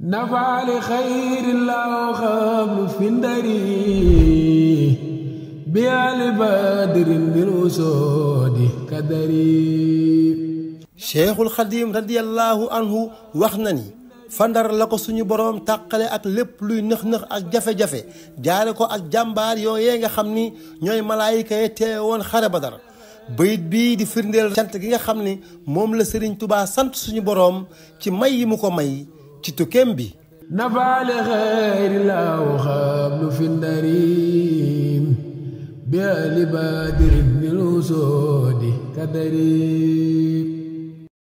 نفع لخير الله قبل في الدري بآل بدر بالوسود كدري شيخ الخديم رضي الله عنه وخناني fandar la ko suñu boroom tàqale ak lépp luy nëx-nëx ak jafe-jafe jaare ko ak jàmbaar yooyee nga xam ni ñooy malaayika yi teewe woon xare Badar bayit bii di firndeel cant gi nga xam ni moom la Sëriñ Tubaa sant suñu boroom ci may yi mu ko may ci tukkeem bi nafaale xayri laaw xablu fi ndarim bi ali badirin nilusoodi kadarim